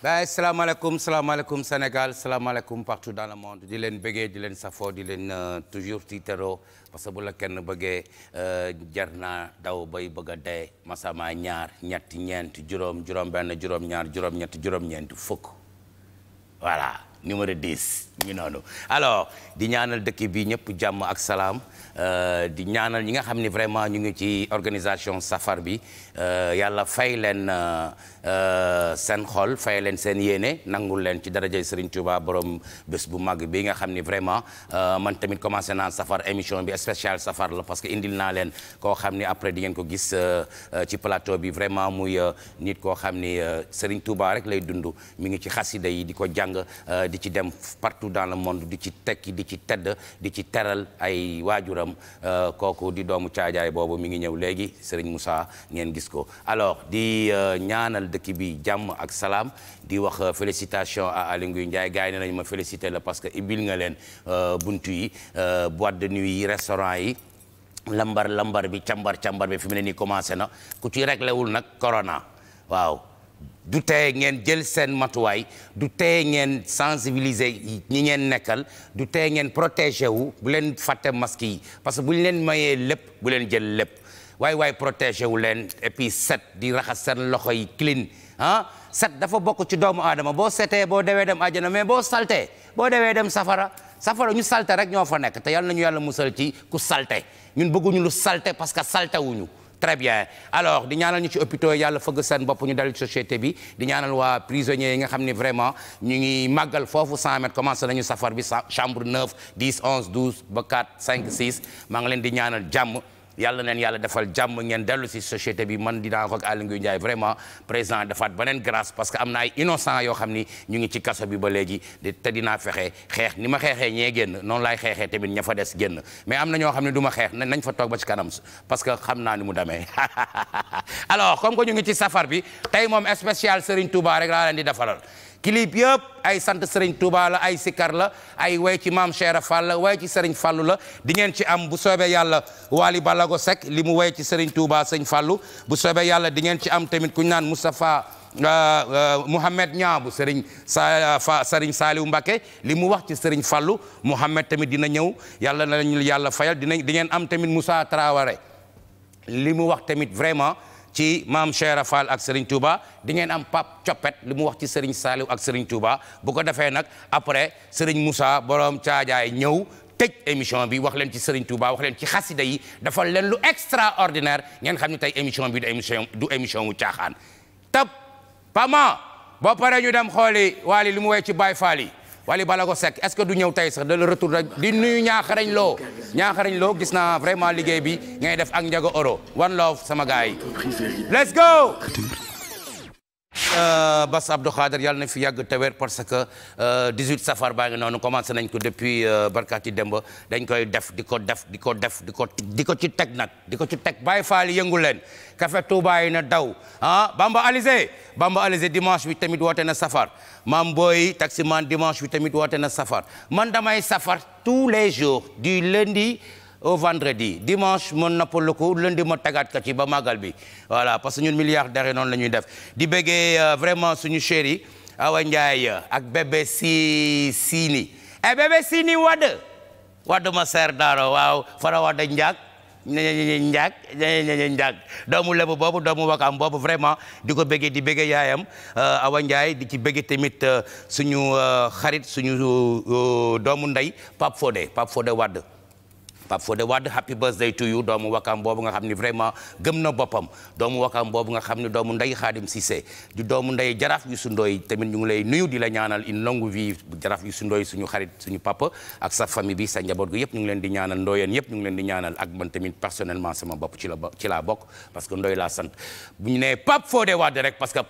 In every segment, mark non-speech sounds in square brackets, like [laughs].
ba salaamaaleykum salaamaaleykum Sénégal salaamaaleykum partout dans le monde di leen bëggee di leen safoo di leen euh, toujours tiitaro parce que bu la kenn bëggee euh, jar naa daw bay bëgg a dee masamaa ñaar ñetti ñeent juróom juróom benn juróom ñaar juróom ñett juróom ñeent fukk voilà numéro diis ñu noonu alors di ñaanal dëkk bi ñëpp jàmm ak salaam euh, di ñaanal ñi nga xam ni vraiment ñu ngi ci organisation safar bi yàlla fay leen Euh, seen xol fay leen seen yéene nangul leen ci darajay Serigne Touba borom bés bu mag bi nga xam ni vraiment euh, man tamit commencé naa safar émission bi spécial safar la parce que indil naa leen koo xam ni après di ngeen ko gis euh, ci plateau bi vraiment muy nit koo xam ni Serigne Touba rek lay dund mi ngi ci xasida yi di ko jàng di ci dem partout dans le monde di ci tekki di ci tedd di ci teral ay waajuram kooku di doomu caajaay boobu mi ngi ñëw léegi Serigne Moussa ngeen gis ko dëkk bi jàmm ak salaam di wax euh, félicitation à Aly Ngouille Ndiaye gars yi ne nañu ma félicité la parce que ibil nga leen euh, buntu yi euh, boîte de nuit yi restaurant yi lambar lambar bi càmbar cambar bi fi mu ne nii commencé na ku ci réglé nag corona waaw. du teye ngeen jël seen matuwaay du teye ngeen sensibiliser ñi ngeen nekkal du teye ngeen protéger wu bu leen fàtte masque yi parce que bu leen mayee lépp bu leen jël lépp. waaye waaye protégé wu leen et puis set di raxas seen loxo yi clean ah set dafa bokk ci doomu aadama boo setee boo dewee dem àjjana mais boo saltee boo dewee dem safara safara ñu salte rek ñoo fa nekk te yal nañu yàlla musal ci ku salte ñun bëgguñu lu salte parce que salte wuñu très bien alors di ñaanal ñu ci hôpitaux yàlla fëgg seen bopp ñu dal ci société bi di ñaanal waa prisonniers yi nga xam ni vraiment ñu ngi màggal foofu 100 mètres commencé nañu safar bi chambre 9 10 11 12 ba 4 5 6 maa ngi leen di ñaanal jàmm yàlla neen yàlla defal jàmm ngeen dellu société bi man dinaa ko ak Aly vraiment président defaat beneen grâce parce que am na ay innocent yoo xam ni ñu ngi ci kaso bi ba léegi te dinaa fexe xeex ni ma xeexee ñee génn noonu laay xeexee tamit ña fa des génn mais am na ñoo xam ne du xeex nañ fa toog ba ci kanam parce que xam naa ni mu demee [laughs] alors comme que ñu ngi ci safar bi tey moom spécial Serigne Touba rek laa leen di defaral clip yëpp ay sant Serigne Touba la ay Sikar la ay way ci maam Cheikh Fall la way ci Serigne Fallu la di ngeen ci am bu soobee yàlla Waly Balago Seck li mu way ci Serigne Touba Sëñ Fallu bu soobee yàlla di ngeen ci am tamit ku ñu naan Moustapha. Euh, euh, Mouhamed ñaabu Serigne sa fa Serigne Saliou Mbacke li mu wax ci Serigne Fallou Mouhamed tamit dina ñëw yàlla na ñu yàlla fayal dinañ di ngeen am tamit Moussa Traoré li mu wax tamit vraiment. ci maam Cheikh Fall ak Serigne Touba di ngeen am Pape Coppet li mu wax ci Serigne Saliou ak Serigne Touba bu ko defee nag après Serigne Moussa borom caajaay ñëw tëj émission bi wax leen ci Serigne Touba wax leen ci xasida yi dafa leen lu extraordinaire ngeen xam ne tey émission bi du émission du émission wu caaxaan. tab pama boo paree dem xooli waali li mu woy ci Baye Fall Wally Ballago Seck est-ce que du tey sax de le retour di loo ñaaxarañ loo gis na vraiment liggéey bi ngay def ak njago oro one love sama gars yi let's go Euh, Bass Abdou Khader yàlla na fi yàgg te weer parce que 18 euh, safar baa ngi noonu commencé nañ ko depuis euh, barkaati demba dañ koy def di ko def di ko def di ko di ko ci teg nag di ko ci teg bàyyi faali yëngu leen kafe Touba yi na daw ah Bamba Alizé Bamba Alizé dimanche bi tamit woote na safar maam booy taximan dimanche bi tamit woote na safar man damay safar tous les jours du lundi au vendredi dimanche ma noppaliku lundi ma tagaat ka ci ba màggal bi voilà parce que ñun milliardaires noonu lañuy def di bëggee euh, vraiment suñu chéri Awa Ndiaye ak bébé si siini e eh, bébé siini wadd wadd ma seer daaro waaw fara wadd njaag ñeñeñe njaag njaag doomu lebu boobu doomu wakaam boobu vraiment di ko bëggee di bëggee yaayam euh, Awa Ndiaye di ci bëggee tamit euh, suñu xarit suñu doomu ndey Pape Fodé Pape Fodé wadd Pape Fodé Wade happy birthday to you doomu wakam boobu nga xam ni vraiment gëm na boppam doomu wakam boobu nga xam ni doomu nday Xaadim Cissé di doomu nday jaraaf Youssou Ndoye tamit ñu lay nuyu di la ñaanal une longue vie jaraaf Youssou Ndoye suñu xarit suñu papa ak sa famille bi sa njaboot gi yëpp ñu leen di ñaanal ndooyeen yëpp ñu leen di ñaanal ak man tamit personnellement sama bopp ci la bokk parce que Ndoye laa sant bu ñu nee Pape Fodé Wade rek parce que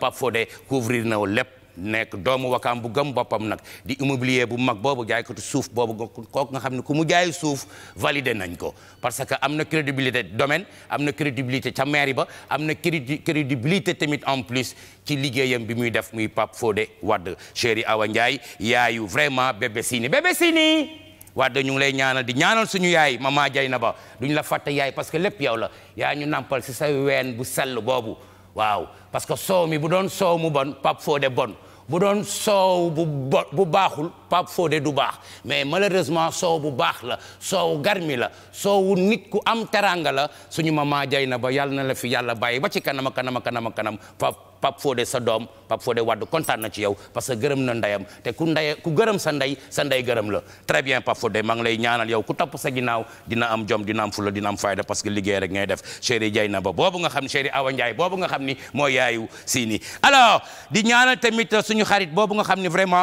nekk doomu wakaam bu gëm boppam nag di immobilier bu mag boobu jaaykatu suuf boobu kooku nga xam ne ku mu jaay suuf validé nañ ko parce que am na crédibilité domaine am na crédibilité ca mairie ba am na crédibilité tamit en plus ci liggéeyam bi muy def muy Pape Fodé Wade chéri Awa Ndiaye yaayu vraiment bébé Sini bébé Sini Wade ñu ngi lay ñaanal di ñaanal suñu yaay mama Jaynaba duñ la fàtte yaay parce que lépp yow la yaa ñu nàmpal si sa ween bu sell boobu waaw parce que soow mi bu doon soow mu bon Pape Fodé bon bu doon soow bu baaxul Pape Fodé du baax mais malheureusement soow bu baax la soow garmi la soowu nit ku am teranga la suñu ma jay na ba yàlla na la fi yàlla bàyyi ba ci kanama kanama kanama kanam Pape Pape Fodé sa doom Pape Fodé Wade kontaan na ci yow parce que gërëm na ndeyam te ku ndey ku gërëm sa ndey sa ndey gërëm la très bien Pape Fodé maa lay ñaanal yow ku topp sa ginnaaw dina am jom dina am fula dina am fayda parce que liggéey rek ngay def chéri jay na ba boobu nga xam ne chéri Awa Ndiaye nga xam ni moo yaayu sii nii ni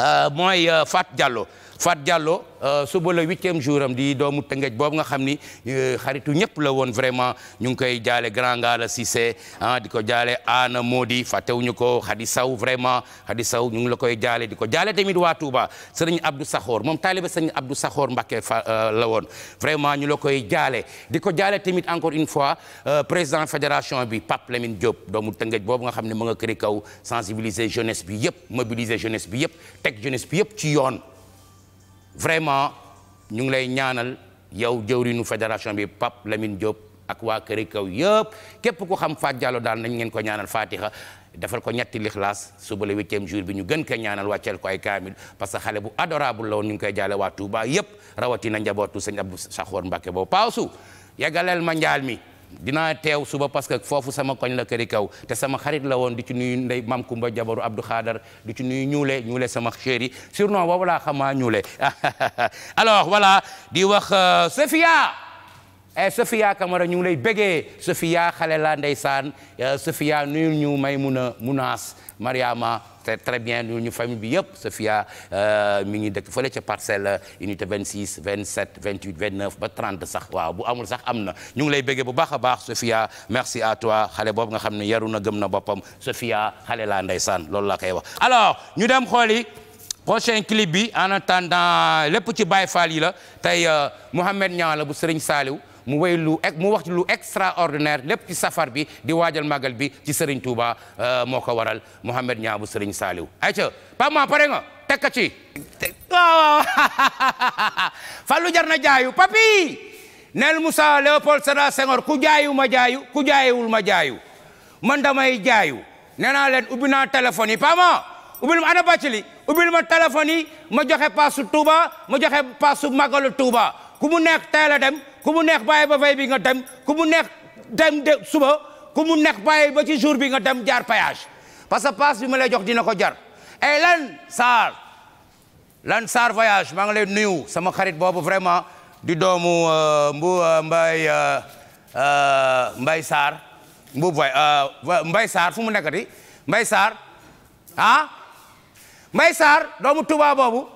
Euh, mooy euh, Fat Diallo faat Diallo euh, suba la huitième jour am di doomu tëngëj boobu nga xam ni euh, xaritu ñëpp la woon vraiment ñu ngi koy jaale grand gala Cissé ah, di ko jaale Anna Modi fàttewuñu ko Khady Sow vraiment Khady Sow ñu ngi la koy jaale di ko jaale tamit waa Touba sëriñ Abdou Saxoor moom taaliba sëriñ Abdou Saxoor Mbacké fa euh, la woon vraiment ñu la koy jaale di ko jaale tamit encore une fois président fédération bi Pape Lamine Diop doomu Tëngéej boobu nga xam ne mu nga këri kaw sensibiliser jeunesse bi yëpp mobiliser jeunesse bi yëpp teg jeunesse bi yëpp ci yoon vraiment ñu ngi lay ñaanal yow jëwriñu fédération bi Pape Lamine Diop ak waa këri kaw yëpp képp ku xam Faat Diallo daal nañ ngeen ko ñaanal fatiha defal ko ñetti lixlaas suba le huitième jour bi ñu gën ko ñaanal wàcceel ko ay kaamil parce que xale bu adorable la woon ñu ngi koy jaale waa Touba yëpp rawatina njabootu sëñ Abdou Saxoor Mbacke boobu paasu yeggaleel ma njaal mi dinaa teew suba parce que foofu sama koñ la këri kaw te sama xarit la woon di ci nuyu mam Kumba jabaru Abdou di ci nuyu ñuule ñuule sama chéri surnom boobu laa xamaa ñuule [laughs] alors voilà di wax euh, Sofia e eh, Sofia Camara ñu ngi lay bégee Sofia xale la ndeysaan eh, Sofia nuyul ñu may mun a munaas Mariama c'est très bien nuyul ñu famille bi yëpp Sofia eh, mi ngi dëkk fële ca parcelle unité 26 27 28 29 ba 30 sax waaw bu amul sax am na ñu ngi lay bégee bu baax a baax Sofia merci à toi xale boobu nga xam ne yaru na gëm na boppam Sofia xale la ndeysaan loolu la koy wax alors ñu dem xooli prochain clip bi en attendant lépp ci Baye Fall yi la tey mu way lu mu wax lu extraordinaire lépp ci safar bi di waajal màggal bi ci Serigne Touba euh, moo ko waral Mouhamed Niang Serigne Saliou ay pa ma pare nga tekka ci [laughs] fallu jar na jaayu papi nel musa Léopold Sédar Senghor ku jaayu ma jaayu ku jaayewul ma jaayu man damay jaayu nee naa leen ubbi naa téléphone yi pama ubbil ma ana bàccali ubbil ma téléphone yi ma joxe paasu Touba ma joxe paasu Magalu Touba ku mu nekk teel dem ku mu neex bàyyi ba fay bi nga dem ku mu neex dem suba ku mu neex bàyyi ba ci jour bi nga dem jaar payage parce que passe bi ma lay jox dina ko jar et eh, lan saar lan saar voyage maa ngi lay nuyu sama karit boobu vraiment di doomu euh, mbu mbay mbay saar mbay saar fu mu nekkati mbay saar ah mbay saar doomu tubaa boobu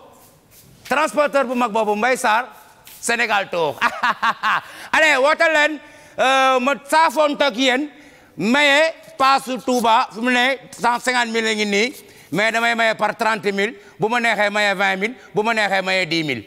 transporteur bu mag boobu mbay saar Sénégal Tour [laughs] allez woote leen euh, ma saafoonte ak yéen maye paasu Touba fu mu ne cent cinquante mille la ngi nii mais damay maye par trente mille bu ma neexee maye vingt mille bu ma neexee maye dix mille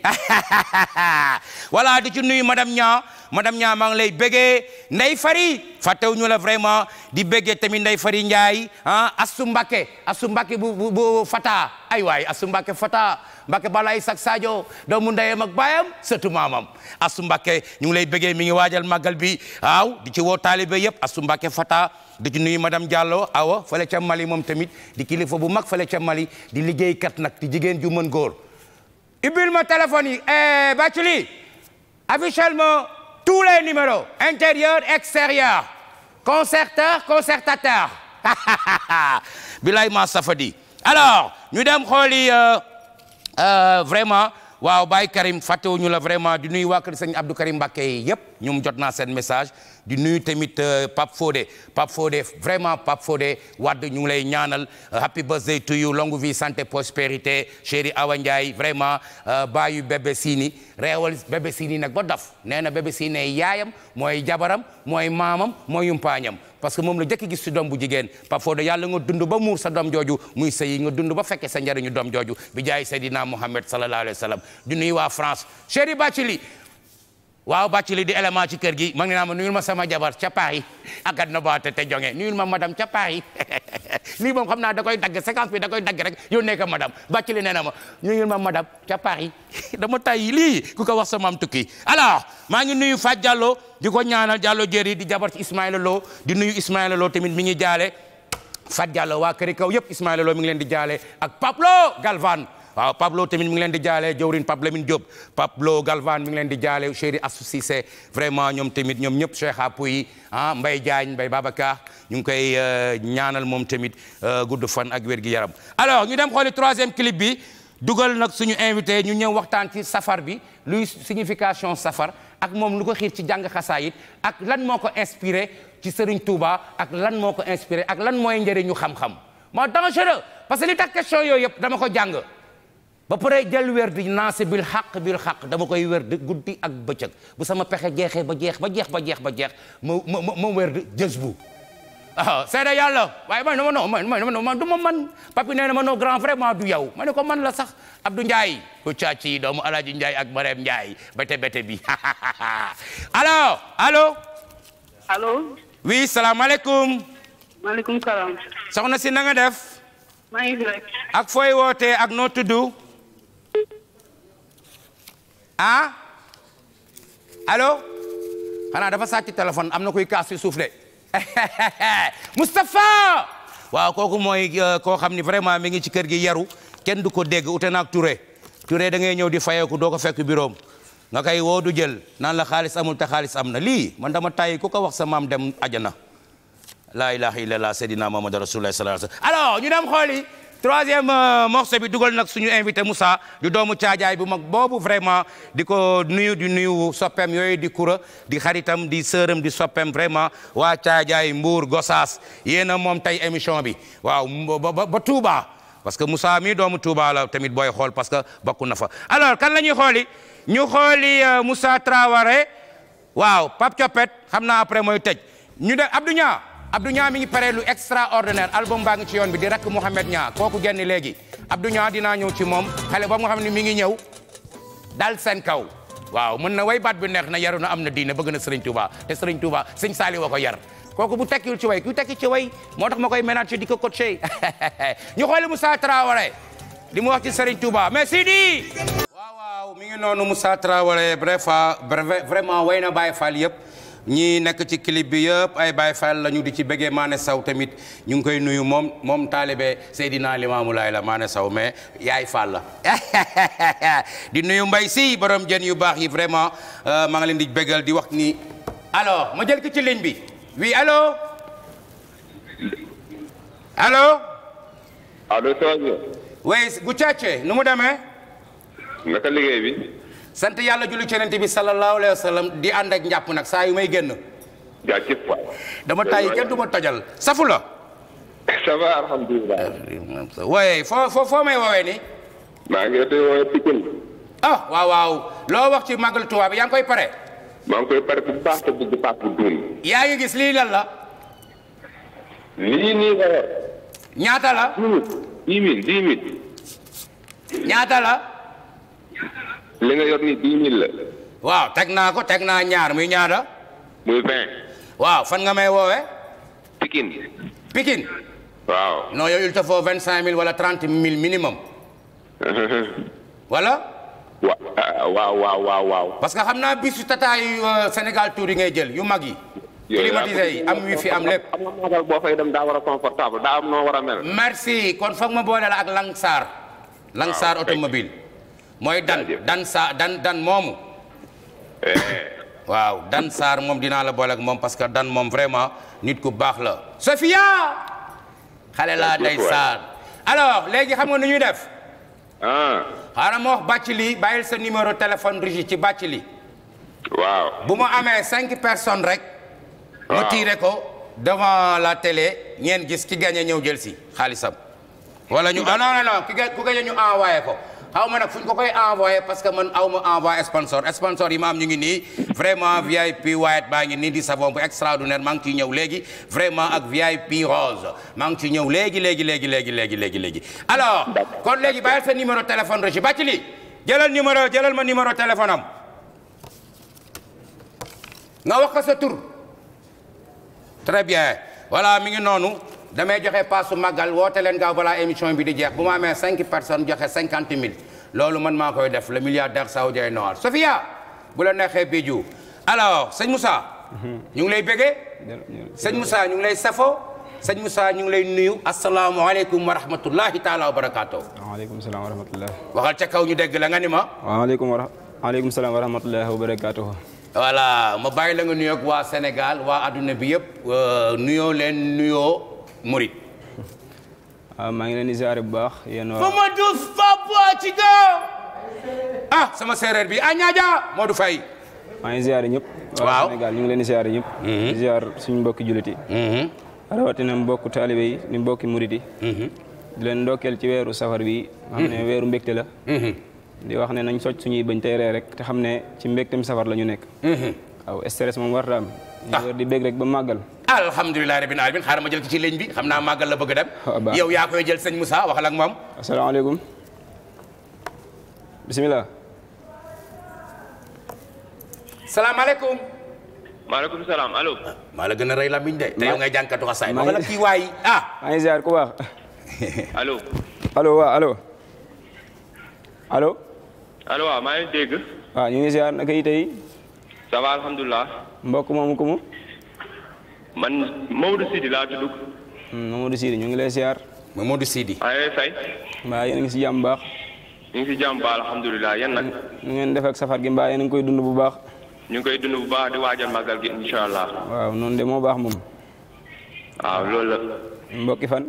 [laughs] voilà di ci nuyu madame ñaa madame ñaa maa ngi lay bëggee Ndeye Fari fàttewu ñu la vraiment di bëggee tamit Ndeye Fari Ndiaye ah Assou Mbacké Assou Mbacké bu bu bu Fata ay waay Assou Mbacké Fata Mbacké balay sak mu doomu ndeyam ak baayam surtout maamam assu Mbacké ñu ngi lay bëggee mi ngi waajal màggal bi aw di ci woo taalibe yëpp Assou Mbacké Fata di ci nuyu madame Diallo awa fële ca Mali moom tamit di fo bu mag fële ca Mali di liggéeykat nag di jigéen ju mën góor ubbil ma téléphone yi eh, Bathily affichel ma tous les numéros intérieur extérieur concerteur concertateur [laughs] bilay ma safadi alors ñu dem xooli euh, euh, vraiment waaw Baye Karim fàttewuñu la vraiment di nuyu waa kër sëñ Abdou Karim Mbacké yëpp ñoom jot naa seen message di nuyu tamit euh, Pape Fodé Pape Fodé vraiment Pape Fodé Wade ñu ngi lay ñaanal happy birthday to you longu vie santé prospérité chéri Awa Ndiaye vraiment euh, baayu bébé Sini reewal bébé Sini nag ba daf nee na bébé Sini yaayam mooy jabaram mooy maamam mooy yumpaañam parce que moom la jëkk gis si doom bu jigéen Pape Fodé yàlla nga dund ba muur sa doom jooju muy sëyi nga dund ba fekkee sa njëriñu doom jooju bi jaay Seydina Mouhamed sallallahu alayhi wa sallam di nuyu waa France chéri Bathily waaw Bathily di élément ci kër gi mag ne naa ma nuyul ma sama jabar ca Paris akat na baate te jonge nuyul ma madame ca Paris [laughs] [laughs] lii moom xam naa da koy dagg séquence bi da koy dagg rek yónnee ko madame Bathily nee na ma ñu ngi maam madame ca Paris [laughs] dama tay lii ku ko wax sa maam tukki alors maa ngi nuyu Fatou Diallo di ko ñaanal Diallo Jéeri di jabar ci Ismaïla Lo di nuyu Ismaïla Lo tamit mi ngi jaale Fatou Diallo waa këri kaw yëpp Ismaïla Lo mi ngi leen di jaale ak Pablo Galvan waaw Pablo tamit mu ngi leen di jaale jawrin Pape Lamine Diop Pablo Galvan mi ngi leen di jaale chéri Assou Cissé vraiment ñoom tamit ñoom ñëpp Cheikh Apuy ah Mbaye Diagne Mbaye Babacar ñu ngi koy euh, ñaanal moom tamit euh, gudd fan ak wér gi yaram alors ñu dem xooli troisième clip bi dugal nag suñu invité ñu ñëw waxtaan ci safar bi luy signification safar ak moom lu ko xiir ci jàng xasaayit ak lan moo ko inspiré ci Serigne Touba ak lan moo ko inspiré ak lan mooy njëriñu xam-xam moo yooyu yëpp dama ko jàng ba jal jël werd yi naase bil xaq bil xaq dama koy werd guddi ak bëccëg bu sama pexe jeexee ba jeex ba jeex ba jeex ba jeex ma ma ma werd jës bu ah seede yàlla waaye man non non man man du ma man papi nee ma non grand vraiment du yaw ma ne ko man la sax Abdou Ndiaye ku caaci doomu Alaaji Ndiaye ak Marème Ndiaye bete bete bi [laughs] allo allo. allo. oui salaamaaleykum. maaleykum salaam. soxna si na nga def. maa ngi fi rek. ak fooy wootee ak ah allo xanaa dafa sàcc téléphone am na kuy kaas ci suuf de [laughs] Moustapha waaw kooku mooy euh, koo xam ni vraiment mi ngi ci kër gi yaru kenn du ko dégg ute naak ture Touré da ngay ñëw di fayeeku doo ko fekk biroom nga koy woo du jël naan la xaalis amul te xaalis am na lii man dama tàyyi ku ko wax sa maam dem ajana laa ilaha illallah seydina Muhammad rasulullah sallallahu alayhi wasallam alors ñu troisième euh, morceau bi dugal nag suñu invité Moussa di doomu caajaay bu mag boobu vraiment di ko nuyu di nuyu soppeem yooyu di kura di xaritam di sëram di soppeem vraiment waa caajaay Mbour Gosaas yéen a moom tey émission bi waaw ba ba Touba parce que Moussa mii doomu Touba la tamit booy xool parce que bokk na fa alors kan la ñuy xooli ñu xooli euh, Moussa Traoré waaw Pape Thiopet xam naa après mooy tëj ñu def Abdou Abdou mi ngi pare lu extraordinaire album baa ngi ci yoon bi di rakk Mouhamed ko ku gen ni Abdou Niang dinaa ñëw ci moom xale boobu nga xam ne mi ngi ñëw dal seen kaw waaw mën na way baat bi neex na yaru na am na diine bëgg na Serigne Touba te Serigne Touba Serigne Sali wa ko yar kooku bu tekkiwul ci way ku tekki ci way moo tax ma koy ménage di ko coaché [laughs] ñu xooli Moussa Traoré li mu wax ci Serigne Touba mais Sidi. waaw waaw mi ngi noonu Moussa Traoré bref ah, vraiment way na Baye Fall yëpp. ñii nekk ci clip bi yëpp ay Baye Fall la di ci bëggee Mané saw tamit ñu ngi koy nuyu moom moom taalibe Seydina Limaamu Laay la Mané saw mais yaay Fall la [laughs] di nuyu mbay si boroom jën yu baax yi vraiment euh, maa ngi leen di bëggal di wax nii alors ma jël ko ci ligne bi oui allo allo. allo. oui bu càccee nu mu demee. naka liggéey bi. sant yàlla julli ci yonent bi sallallahu wa sallam di ànd ak njàpp nag saa yu may génn. jaajëf waay. dama tàyyi kenn du ma safu la. ça alhamdulilah. waaye foo foo may woowee nii. maa ngi lay woowee Pikine. ah waaw waaw loo wax ci màggal Tuubaa bi yaa ngi koy pare. maa ngi yaa ngi gis lii lan la. lii nii nga ñaata la. ñaata la. li nga yor ni dix la. waaw teg naa ko teg naa ñaar muy ñaada. muy vingt. waaw fan nga may woowee. Pikine. Pikine. waaw. non yow il te faut vingt cinq mille wala trent mille minimum. voilà. [laughs] wa ah, waaw waaw waaw parce que xam naa bisu tataayu euh, Sénégal Tour yi ngay jël yu mag yi. climatisé yi am fi am lépp. am dem daa war a confortable daa am noo war a mel. merci kon foog ma boole la ak Langsar. Langsar automobile mooy dan dan sa dan dan moomu eh. waaw dan saar moom dinaa la boole moom parce que dan moom vraiment nit ku baax la Sofia xale laa day saar alors léegi xam nga nu ñuy def ah. xaaral ma wax bàcc li bàyyil sa numéro téléphone rugi ci bàcc li waaw bu ma amee cinq personnes rek ma tiire ko devant la télé ngeen gis ki gagné ñëw jël si xaalisam wala ñu ah non non non ki ñu envoyé ko aw ma nag fu ñu ko koy envoyé parce que man aw ma envoyé sponsor sponsor yi ma am ñu ngi nii vraiment VIP white baa ngi nii di savon bu extraordinaire maa ngi ciy ñëw léegi vraiment ak VIP rose maa ngi ciy ñëw léegi léegi léegi léegi léegi léegi léegi alors kon léegi bàyyil sa numéro téléphone Régis bàcc li jëlal numéro jëlal ma numéro téléphone am nga wax ko sa tur très bien voilà mi ngi noonu damay joxe paasu màggal woote leen gaaw balaa émission bi di jeex bu ma amee cinq personnes joxe cinquante mille loolu man maa koy def le milliardaire saoudien noir Sofia bu la neexee Bédiou alors sëñ Moussa. ñu ngi lay bëggee. sëñ Moussa ñu ngi lay safo sëñ Moussa ñu ngi lay nuyu asalaamaaleykum wa rahmatullahi taala wa barakaatu. waaleykum salaam wa rahmatullah. waxal ca kaw ñu dégg la nga ni ma. waaleykum wa waaleykum salaam wa rahmatullahi wa barakaatu. voilà ma bàyyi la nga nuyoog waa Sénégal waa adduna bi yëpp euh, nuyoo leen nuyoo. murit ah, maa ngi leen di ziare bu baax yéen waa. Mamadou ci ah sama séeréer bi a ah, ñaaja Modou Faye. maa ngi ziare ñëpp. waaw Sénégal ñu ngi leen di ziare ñëpp. Mhm. di ziare suñu mbokki jullit yi. Mhm. rawatina mbokku taalibe yi ni mbokki murit yi. Mhm. di leen ndokkeel ci weeru safar bi xam ne weeru mbégte la. di wax ne nañ socc suñuy bañ tey rek te xam ne ci mbégtem safar la ñu nekk. waaw stress moom war ah di bég rek ba màggal. alhamdulilah rabbil alamin xaaral ma jël ki ci bi xam na màggal la bëgg a dem. Oh, yow yaa koy jël sëñ Moussa waxal ak moom. asalaamaaleykum. bisimilah. salaamaaleykum. maaleykum salaam allo. Ah, maa la gën a rey lamiñ de. te yow ngay jànkatu xasaay. maa ngi wala kii waay ah. maa ngi alo ku baax. [laughs] allo. allo waaw allo. allo. allo waaw maa ngi dégg. waaw ñu ngi ziar naka yi tey. ça va alhamdulilah. mbokk moomu ku mu. man Mamadou Sidi laa tudd. Hmm, Mamadou Sidi ñu ngi lay siyaar. Mamadou Sidi. maa ngi lay fay. mbaa yéen ngi si jàmm baax. ñu ngi si jàmm baax alhamdulilah yéen nag. ñu ngeen def ak safar gi mbaa yéen a ngi koy dund bu baax. ñu ngi koy dund bu baax di waajal màggal gi incha allah. waaw noonu de moo baax moom. waaw loolu la. mbokki fan.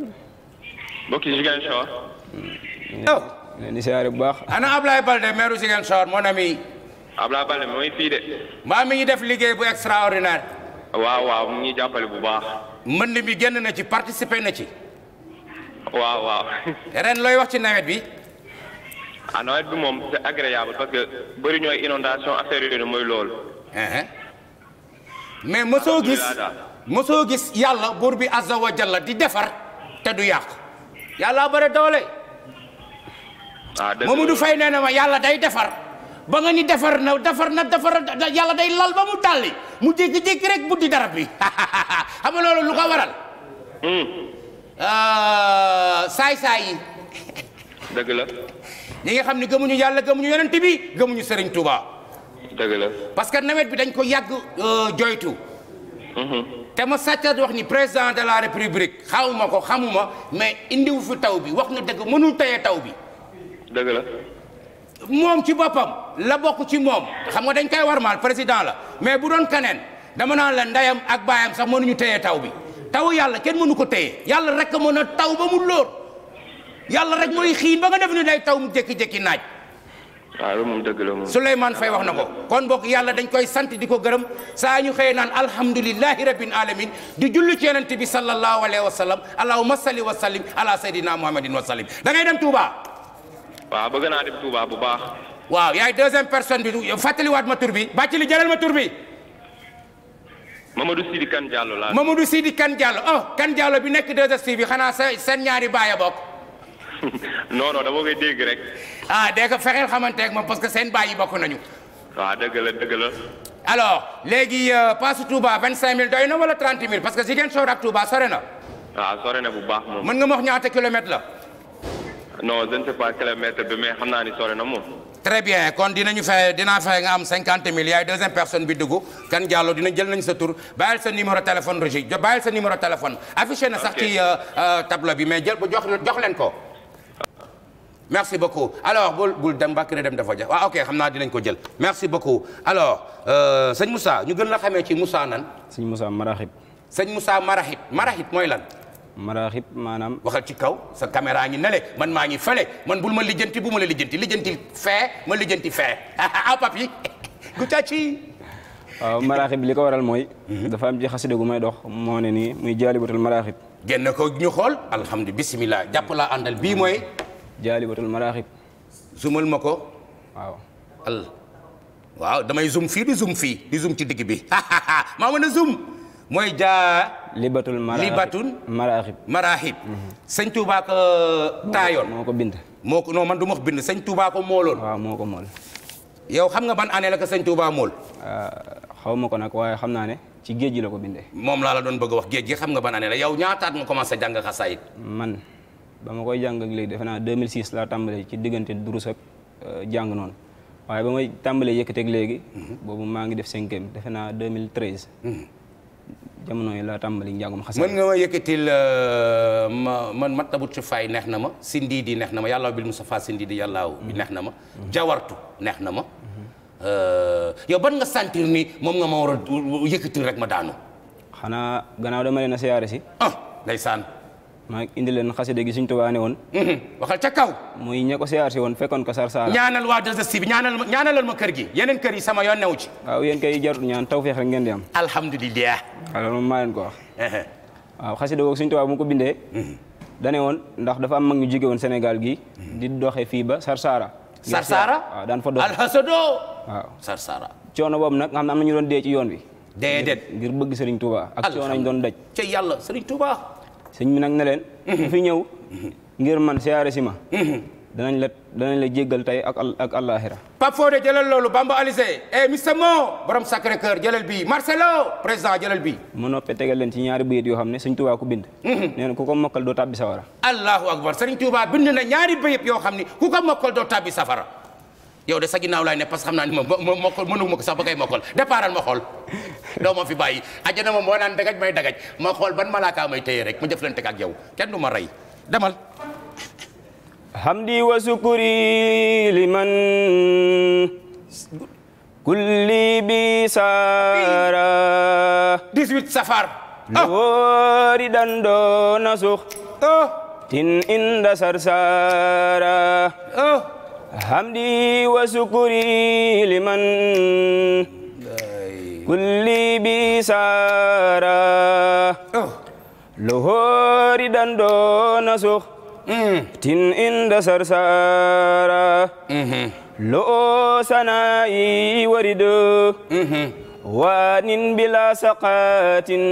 mbokki Ziguinchor. Hmm, leen di siyaare bu baax. ana Ablaye Balde maire Ziguinchor mon ami. Abdoulaye Baldé mooy fii de. mbaa mi ngi def liggéey bu extraordinaire. waaw waaw mu ngi jàppale bu baax. mën na mi génn na ci participer na ci. waaw waaw. ren looy wax ci nawet bi. ah moom c'est agréable parce que bëri ñooy inondation affaire yooyu mooy loolu. mais mosoo gis soo gis yàlla buur bi azza wa jalla di defar te du yàqu yàlla bare doole. ah Mamadou Faye nee na ma yàlla day defar. ba nga ni defar na defar na defar yàlla day lal ba mu tàlli mu jékki-jékki rek buddi darab bi [laughs] xam lu ko waral. Hmm. Ah, saay-saay yi. dëgg la. ñi nga xam ne gëmuñu yàlla gëmuñu yonent bi gëmuñu Serigne Touba. dëgg la parce que nawet bi dañ ko yàgg euh, joytu hmm. te ma sàccaat wax ni président de la république xawma ko xamuma mais indiwu fi taw bi wax na dëgg mënul taye taw bi. dëgg la moom ci boppam la bokk ci moom xam nga dañ war warmaal président la mais bu doon keneen dama naan la ndeyam ak baayam sax mënuñu téye taw bi taw yàlla kenn mënu ko téye yàlla rek mën a taw ba mu lóor yàlla rek mooy xiin ba nga def ni day taw mu jékki-jékki naaj. waaw loolu moom dëgg la moom. Souleymane Faye wax na ko kon bokk yàlla dañ koy sant di ko gërëm saa ñu xëyee naan alhamdulilahi rabbil alamin di jullu ci yonent bi sallallahu alayhi wa sallam allahumma salli wa sallim ala sayyidina muhammadin wa sallim da waaw bëgg naa dem Touba bu baax. waaw yaay deuxième personne bi fàttaliwaat ma tur bi Bathily jëlal ma tur bi. Mamadou Sidi Kane Diallo laa. Mamadou Sidi Kane Diallo oh Kane Diallo bi nekk 2STV bi xanaa sa seen ñaari baay a bokk. [laughs] non non dama koy dégg rek. ah dégg nga fexeel xamante ak parce que seen baay yi bokk nañu. waaw dëgg la dëgg la. alors léegi euh, paasu Touba 25000 doy na wala 30000 parce que Ziguinchor ak Touba sore na. waaw sore na bu baax mën nga ma wax ñaata kilomètres la. non je ne sais xam naa ni sore na moom. très bien kon dinañu fexe dinaa fexe nga am cinquante mille yaay deuxième personne bi dugg kan Diallo dina jël nañ sa tur bàyyil sa numéro téléphone Roger bàyyil sa numéro téléphone. affiché na sax ci euh, euh, tableau bi mais jël bu jox jox leen ko. merci beaucoup alors bul bul dem Bakary dem dafa jax waaw ah, ok xam naa dinañ ko jël merci beaucoup alors euh, sëñ Moussa ñu gën la xamee ci Moussa nan. sëñ Moussa Marahib. sëñ Moussa Marahib Marahib mooy lan. maraaxib maanaam. waxal ci kaw sa caméra ngi nele man maa ngi fële man bul ma lijjanti bu ma la lijjanti lijjanti fee ma lijjanti fee ah [laughs] papi [laughs] gu ci waaw maraaxib li ko waral mooy. dafa am ci may dox moo ne nii muy jaalibatul maraaxib. génn ko ñu xool alhamdulilah bisimilah jàpp laa àndal bii mooy. jaalibatul maraaxib. zumal ma ko. waaw damay zum fii di zum fii di zum ci digg bi [laughs] maa zum. mooy jaa. libatul maraaxib libatul. maraaxib maraaxib. sëñ Touba ko taayoon. moo ko bind. moo ko non man du ma ko bind sëñ Touba ko mooloon. moo ko mool. yow xam nga ban année la ko sëñ Touba mool. Euh, xaw ma ko nag waaye xam naa ne ci géej gi la ko bindee. moom laa la doon bëgg wax géej gi xam nga ban année la yow ñaataat nga commencé jàng xasaayit. man ba ma koy jàng léegi defe naa 2006 laa tàmbalee ci diggante durus ak euh, jàng noon waaye ba may tàmbalee yëkkateeg léegi. Mhm. boobu maa ngi def cinquième defe naa 2013. jamono yi laa tàmbali njàngum xasida mën nga ma yëkkatil euh, ma man matabut ci fay neex na ma sindi di neex na ma yàllaaw bil Mustafa sindi di yàllaaw bi neex na ma jawartu neex na ma euh, yow ban nga sentir ni moom nga ma war a yëkkatil rek ma daanu xanaa gannaaw a leen a siyaare si ah ndeysaan maa indi leen xasida gi suñ tubaane woon mhm. waxal ca kaw muy ñe ko siyaar si woon fekkoon ko sar ñaanal waa desi bi ñaanal ñaanalal ma kër gi yeneen kër sama yoon newu ci waaw yéen kay jarut ñaan tawfeex rek ngeen am alhamdulilah alors moom woon ndax dafa am mag ñu jóge woon Sénégal gi mhm. di doxe fii ba Sarsara Sarsara waaw daan fa dox alhasado waaw Sarsara coono boobu nag xam ne am na ñu doon dee yoon bi déedéet ngir bëgg Serigne Touba ak coono ñu doon daj ca sëñ bi nag ne leen fi ñëw ngir man siyaare si ma danañ la danañ la jéggal tey ak ak àllaaxira Pape Fodé loolu Bamba Alizé eh Mister Mo borom Sacré Cœur jëlal bii Marcelo président jëlal bii mu noppee tegal leen ci ñaari bayit yoo xam ne sëñ Tuubaa ku bind mhm. nee na ku ko mokkal doo tàbbi safara allahu akbar sëriñ Tuubaa bind na ñaari bayit yoo xam ne ku ko mokkal doo tàbbi safara yow de sa ginnaaw laay ne parce que xam naa ni moom moo mokkal mënu ma ko sax ba kay mokkal départal ma xool doo ma fi bàyyi àjjana moom moo naan dagaj may dagaj ma xool ban malaaka may téye rek ma jëflante ak yow kenn du ma rey demal hamdi wa sukuri liman kulli bi saara 18 safar loori ah. dan doo na oh. tin inda sarsara oh. hamdi wa sukuri liman kulli bi sara oh. lohori dando nasukh mm. tin inda sarsara mm-hmm. lo'o sana'i warid mm-hmm. wanin bila saqatin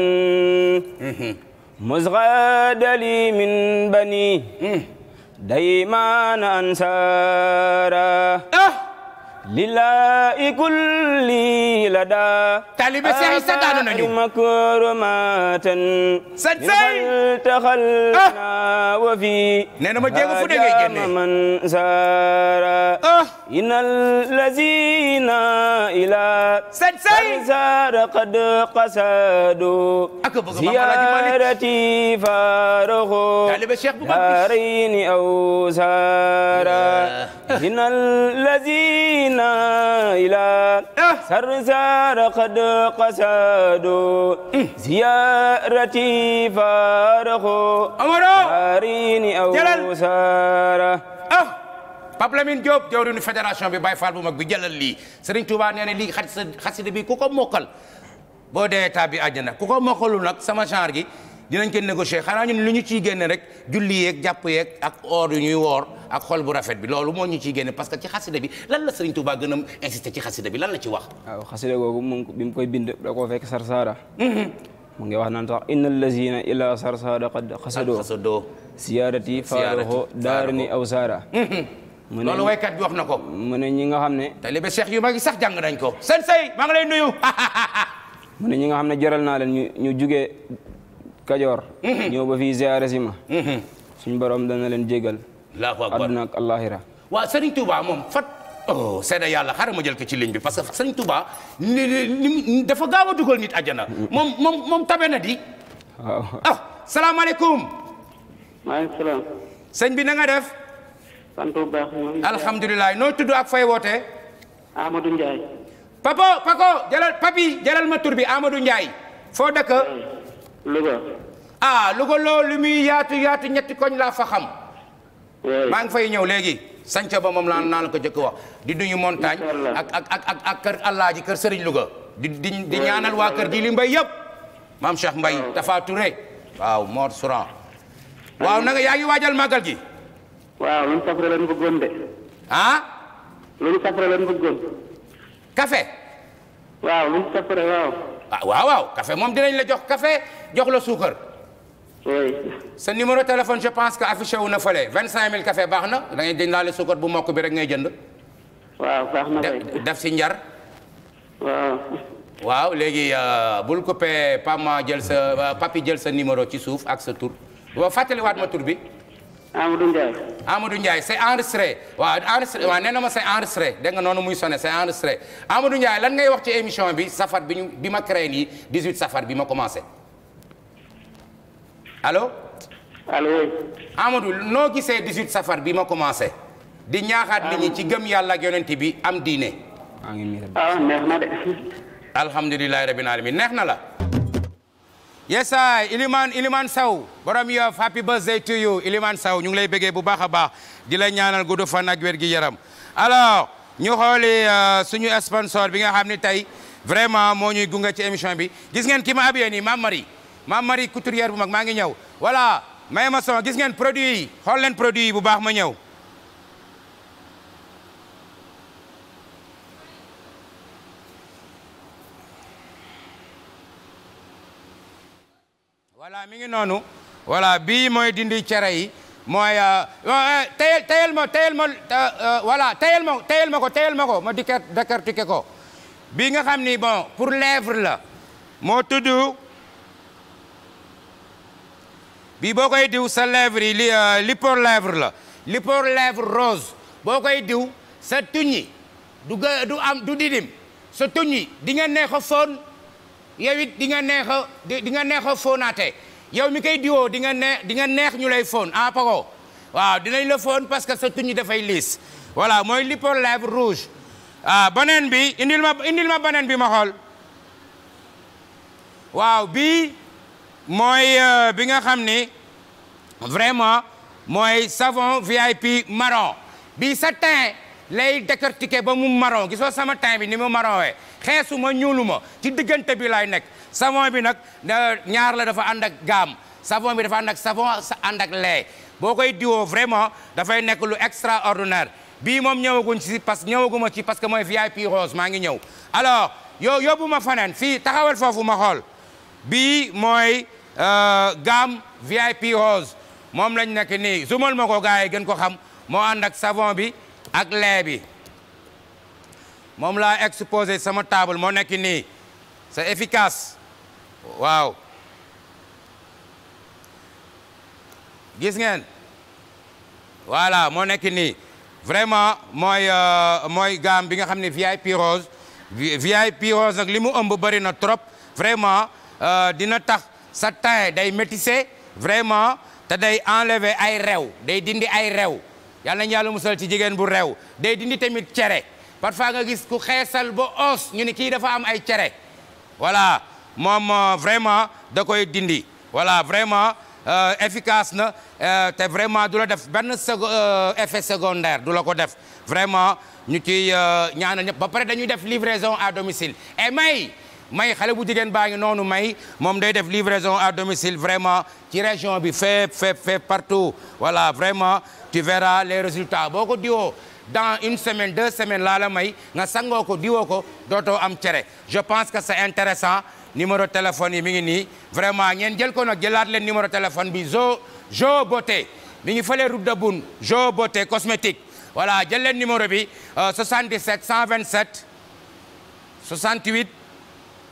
mm-hmm. muzghadali min bani mm. دايما أنسارا lillahi kulli lada taalibe Seex Isa daanu nañu makromatan sëñ sëy taxal na wa fi nee na ma jéego fu dee ngay génne man sara innal lazina ila sëñ sëy sara qad qasadu ziyarati faroxo daarayni aw sara innal lazina لنا إلى سرسار قد قسادوا زيارتي فارخوا داريني أو سارة Pape Lamine Diop jawriñu fédération bi Baye Fall bu mag bi jëlal lii Serigne Touba nee na lii xasida bi ku ko mokkal boo dee taa bi àjjana ku ko mokkalul nag sama genre gi dinañ ko négocier xanaa ñun lu ñu ciy génne rek julli yeeg jàpp yeeg ak or yu ñuy woor ak xol bu rafet bi loolu moo ñu ciy génne parce que ci xasida bi lan la Serigne Touba gën a insisté ci xasida bi lan la ci wax da koo fekk sarsaara mm-hmm. mu ngi wax naan sax daarani aw saara loolu waykat bi wax na ko. mu ne ñi nga xam ne. talibe cheikh yu mag yi sax jàng ko. seen sey maa ngi nuyu. [laughs] mu ne ñi ne jaral naa ñu ñu kajoor mm-hmm. ñëw ba fii ziyaare si ma mm-hmm. suñ borom dana leen jégal allahu ak allahira waaw Serigne Touba moom fat oh yàlla xaaral ma jël ko ci ligne bi parce que Serigne Touba ni dafa gaaw a dugal nit àjjana mm-hmm. moom moom moom tabe na di waaw ah salaamaaleykum maaleykum bi na nga noo tudd ak fay wootee Amadou Ndiaye papa papi jëlal ma bi Amadou Ndiaye foo dëkk Louga. ah Louga loo lu muy yaatu yaatu ñetti koñ laa fa xam. maa ngi fay ñëw léegi. sanca ba moom laa naa la ko jëkk wax di nuyu montagne ak ak ak ak ak kër Alaaji kër Serigne Louga. di di ñaanal waa kër ji li mbay yëpp. maam Cheikh Mbay Tafa Touré. waaw Mor Souran. waaw na nga yaa ngi waajal màggal gi. waaw lu mu safara leen bëggoon de. ah. lu mu safara leen bëggoon. café. waaw lu mu safara waaw. ah waaw waaw café moom dinañ la jox kafe jox la suukar. oui. sa numéro téléphone je pense que affiché wu na fële 25000 café baax na da ngay jënd daal suukar bu mokk bi rek ngay jënd. waaw baax na kay def si njar. waaw. waaw léegi euh, bul coupé Pama jël sa euh, papi jël sa numéro ci suuf ak sa tur. waaw fàttaliwaat ma tur bi. Amadou Ndiaye. Amadou Ndiaye c'est enregistré waaw enregistré waaw na ma c'est enregistré dégg nga noonu muy sonné c'est enregistré Amadou Ndiaye lan ngay wax ci émission bi safar bi ñu bi ma créé nii 18 safar bi ma commencé alo allo. Amadou noo gisee 18 safar bi ma commencé. di ñaaxaat nit ñi ci gëm yàlla ak yonent bi am diine. ah neex na alamin neex na la. yes ay Iliman Iliman Sow borom Yoff happy birthday to you Iliman Sow ñu ngi lay bëggee bu baax a baax di la ñaanal gudd fan ak wér gi yaram alors ñu xooli euh, suñu sponsor bi nga xam ne tey vraiment moo ñuy gunge ci émission bi gis ngeen ki ma habillé nii Mame Marie Mame bu mag maa ngi ñëw wala may ma son gis ngeen produit yi xool leen produit yi bu baax ma ñëw voilà mi ngi noonu voilà bii mooy dindi cere yi mooy euh, euh, euh, tayel tayel ma tayel ma voilà tayel ma tayel ma ko tayel ma ko ma diker décortiquer ko bii nga xam ni bon pour lèvre la moo tudd bii boo koy diw sa lèvre li li pour la li pour lèvre rose boo koy diw sa tuñi du du am du didim sa tuñi di nga neex foon yow it di nga neex a di nga neex a fóonaate yow mi koy diwoo di nga neex di nga neex ñu lay foon ah Pago waaw dinañ la foon parce que sa tuñ dafay liis voilà mooy lipolèvre rouge ah beneen bi indil ma indil ma beneen bi ma xool waaw bii mooy euh, bi nga xam ni vraiment mooy savon VIP marron bii sa teint lay décortiquer ba mu marron gisoo sama teint bi ni mu marron wee xeesu ma ñuulu ma ci diggante bi laay nekk savon bi nag ñaar la dafa ànd ak gaam savon bi dafa ànd ak savon ànd ak lait boo koy diwoo vraiment dafay nekk lu extraordinaire bii moom ñëwaguñ ci parce que ñëwaguma ci parce que mooy VIP rose maa ngi ñëw alors yow yóbbu ma faneen fii taxawal foofu ma xool bi mooy euh, gamme VIP rose moom lañ nekk ni zumal ma ko gars yi gën ko xam moo ànd ak savon bi ak lait bi moom laa exposé sama table moo nekk nii c'est efficace waaw gis ngeen voilà moo nekk nii vraiment mooy euh, mooy gamme bi nga xam ne VIP rose VIP rose nag li mu ëmb bëri na trop vraiment euh, dina tax sa teint day métissé vraiment te day enlever ay rew day dindi ay rew yàlla nañ yàlla musal ci jigéen bu réew day dindi tamit cere parfois nga gis ku xeesal ba os ñu ni kii dafa am ay cere voilà moom euh, vraiment da koy dindi voilà vraiment euh, efficace na euh, te vraiment du la def benn sec effet secondaire du la ko def vraiment ñu ci ñaanal ñëpp ba pare dañuy def livraison à domicile et may may xale bu jigéen baa ngi noonu may moom day def livraison à domicile vraiment ci région bi fépp fépp fépp partout voilà vraiment tu verras les résultats boo ko diwoo dans une semaine de semaine laa la may nga sangoo ko diwoo ko dootoo am cere je pense que c'est intéressant numéro téléphone yi mi ngi nii vraiment ngeen jël ko nag jëlaat leen numéro téléphone bi jo jo beauté mi ngi fële route de Boune jo beauté cosmétique voilà jël leen numéro bi 77 127 68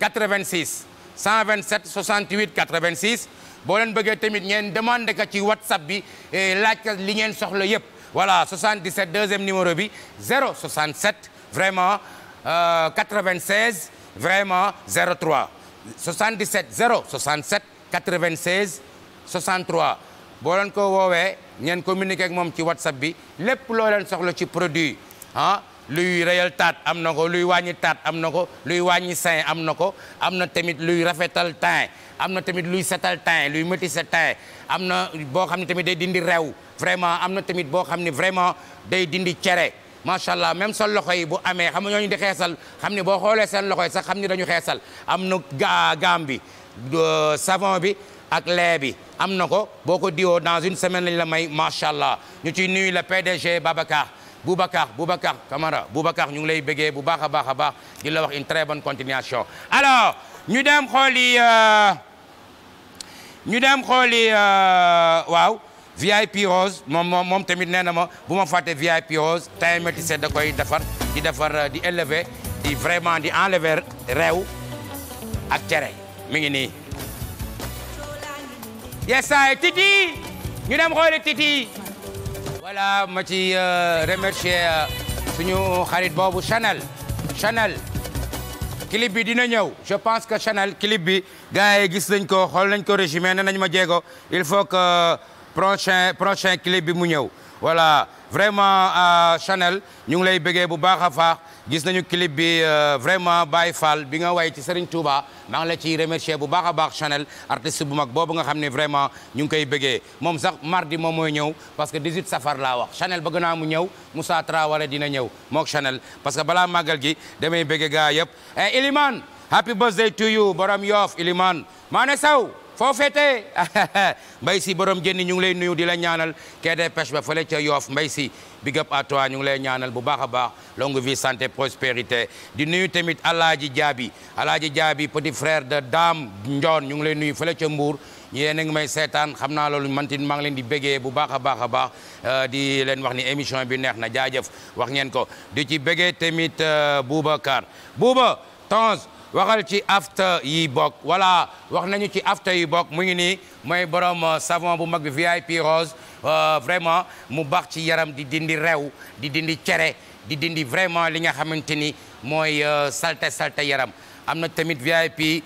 86 127 68 86 boo leen bëggee tamit ngeen demandé ko ci whatsapp bi eh, laaj ka li ngeen soxla yëpp voilà 77 deuxième numéro bi 067 vraiment 96 euh, vraiment 03 77 067 96 63 boo leen ko woowee ngeen communiqué moom ci whatsapp bi lépp loo leen soxla ci produit ah luy reyal taat am na ko luy wàññi taat am na ko luy wàññi sein am na ko am na tamit luy rafetal teint am na tamit luy setal luy métti sa am na boo xam ne tamit day dindi rew vraiment am na tamit boo xam ni vraiment day dindi cere macha allah même sa loxo yi bu amee xam ñoo ñooñu di xeesal xam ne boo xoolee seen loxo sax xam ni dañu xeesal am na ga gaam bi euh, savon bi ak lait bi am na ko boo ko diwoo dans une semaine lañ la may macha allah ñu ciy nuyu le PDG Babacar Boubacar Boubacar Camara Boubacar ñu ngi lay bëggee bu baax a baax a baax di la wax une très bonne continuation alors ñu dem xool euh, ñu dem xooli euh, waaw VIP Rose moom moom moom tamit nee na ma bu ma fàtte VIP Rose tey métissé da koy defar di defar euh, di élever vraiment di enlever réew ak cere mi ngi nii. yesaay titi ñu dem xooli titi. voilà ma ci euh, remercier suñu xarit boobu Chanel Chanel. clip bi dina ñëw je pense que Chanel clip bi gars yi gis nañ ko xool nañ ko résumé na nañ ma jéego il faut que prochain prochain clip bi mu ñëw wala vraiment euh, Chanel ñu ngi lay bëggee bu baax a faax gis nañu clip bi euh, vraiment Baye Fall bi nga way ci Serigne Touba maa ngi la ciy remercier bu baax a baax Chanel artiste bu mag boobu nga xam ne vraiment ñu ngi koy bëggee moom sax mardi moom mooy ñëw parce que 18 safar la wax Chanel bëgg naa mu ñëw Moussa Traoré dina ñëw mook Chanel parce que balaa màggal gi damay bëgge gaa yëpp eh, Iliman happy birthday to you borom Yoff Iliman maa ne saw foo feete [laughs] mbay si borom jënni ñu ngi lay nuyu di la ñaanal quai des pêches ba fële ca Yoff mbay si big up ñu ngi lay ñaanal bu baax a baax longue vie santé prospérité di nuyu tamit alaaji jaabi alaaji jaabi petit frère de Dame Ndion ñu ngi lay nuyu fële mbuur Mbour yéen a ngi may seetaan xam naa loolu man tamit maa ngi leen di bégee bu baax a baax a baax euh, di leen wax ni émission bi neex na jaajëf wax ngeen ko di ci bégee tamit euh, Boubacar Bouba Tange waxal ci after yi bokk voilà wax nañu ci after yi bokk mu ngi nii mooy borom euh, savon bu mag bi VIP rose euh, vraiment mu baax ci yaram di dindi rew di dindi cere di dindi vraiment li nga xamante ni mooy euh, salte salte yaram am na tamit VIP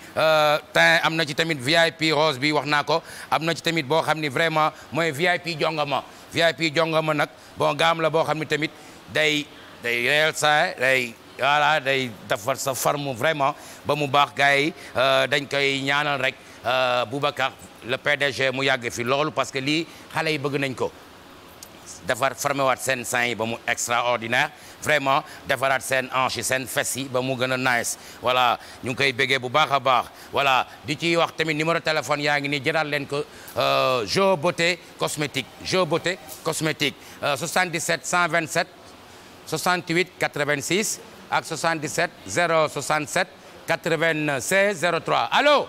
teint am na ci tamit VIP rose bi wax naa ko am na ci tamit boo xam ni vraiment mooy VIP jongama VIP jongama nag bon gaam la boo xam ni tamit day day réel saa voilà day defar sa forme vraiment ba mu baax gars yi euh, dañ koy ñaanal rek euh, Boubacar le PDG mu yàgg fi loolu parce que lii xale yi bëgg nañ ko defar formé waat seen sang yi ba mu extraordinaire vraiment defaraat seen hanche yi seen fes yi ba mu gën a nice wala ñu ngi koy béggee bu baax a baax wala di ci wax tamit numéro téléphone yaa ngi ni jëlaat leen ko euh, Jo Beauté cosmétique Jo Beauté cosmétique 77 127 68 86 ak 77 067 96 03 allo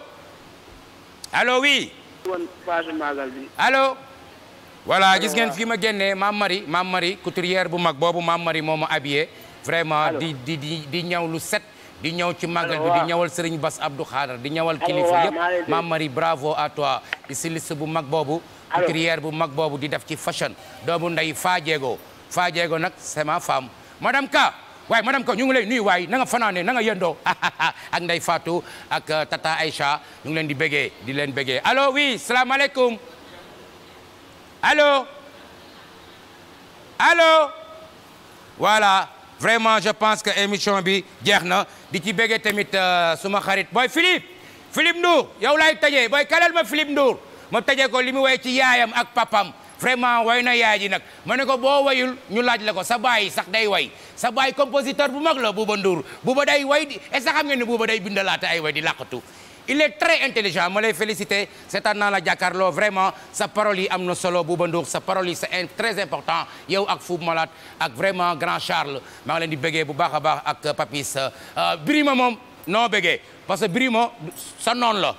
allo oui. allo. voilà gis ngeen fii ma génnee maam Marie maam bu mag boobu maam Marie moo ma habillé vraiment di di di di ñaw lu set. di ñëw ci màggal bi di ñëwal Serigne Bass Abdou Khadre di ñëwal kilifa yëpp Mame Marie bravo à toi di bu mag boobu couturière bu mag boobu di def ci fashion doomu ndey Faa Diego Faa Diego nag c'est ma femme madame Ka waaye madame Ka ñu ngi lay nuyu waaye na nga fanaane na nga yëndoo [laughs] ak Ndeye Fatou ak euh, Tata Aïcha ñu ngi leen di béggee di leen béggee alo oui salaamaaleykum allo allo voilà vraiment je pense que émission bi jeex na di ci béggee tamit euh, suma xarit booy Philippe Philippe Ndour yow laay tëjee booy kalal ma Philippe Ndour ma tëjee ko li mu woy ci yaayam ak papam vraiment way na yaay ji nag ma ne ko boo wayul ñu laaj la ko sa baay sax day way sa baay compositeur bu mag la Bouba Ndour Bouba day way di et sax xam ngeen ne Bouba day bindalaate ay way di làqatu il est très intelligent ma lay féliciter seetaan naa la jàkkaarloo vraiment sa parole yi am na solo Bouba Ndour sa parole sa c'est important yow ak Fou Malade ak vraiment grand Charles maa ngi leen di bëggee bu baax a baax ak Papis euh, Birima moom noo bëggee parce que Birima sa noon la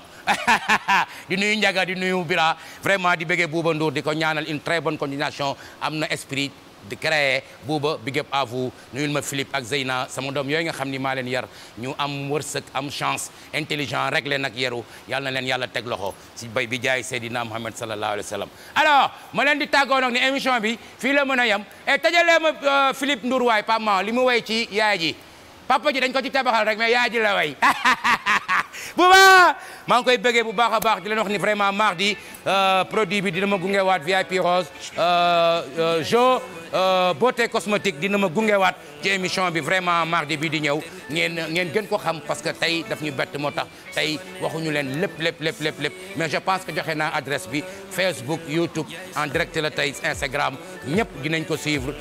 [laughs] di nuyu Ndiaga di nuyu Bira vraiment di bëggee Bouba Ndour di ko ñaanal une très bonne continuation am na esprit de créer Bouba big up à vous nuyul ma Philippe ak Zeyna sama doom yooyu nga xam ni maa leen yar ñu am wërsëg am chance intelligent rek leen ak yeru yàlla na leen yàlla teg loxo si bay bi jaay Seydina Muhammad sallallahu alayhi wa sallam alors ma leen di tàggoo ni émission bi fii la mën a yem et eh, tëjalee ma euh, Philippe Ndour waay papa li mu way ci yaay ji papa ji [laughs] Bouba maa ngi koy bëggee bu baax a baax di leen wax ni vraiment mardi euh, produit bi dina ma gungewaat VIP Rose euh, euh, jo beauté cosmétique dina ma gungewaat ci émission bi vraiment mardi bi di ñëw ngeen ngeen gën ko xam parce que tey daf ñu bett moo tax tey waxuñu leen lépp lépp lépp lépp lépp mais je pense que joxe naa adresse bi Facebook YouTube en direct la tey Instagram ñëpp dinañ ko suivre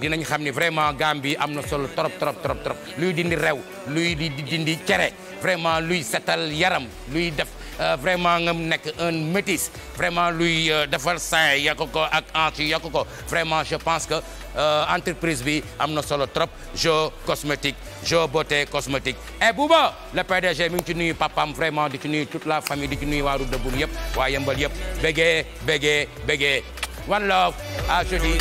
dinañ xam ni vraiment bi am na solo trop trop trop trop luy dindi rew luy di dindi cere vraiment luy setal yaram luy def euh, vraiment nga nekk un métis vraiment luy euh, defar sein yokk ko ak hanche yokk ko vraiment je pense que euh, entreprise bi am na solo trop Jo cosmétique Jo beauté cosmétique et eh, Bouba le PDG mi ngi ci nuyu papam vraiment di ci nuyu toute la famille di ci nuyu waa de Boune yëpp waa Yëmbal yëpp bégee bégee bégee one love à jeudi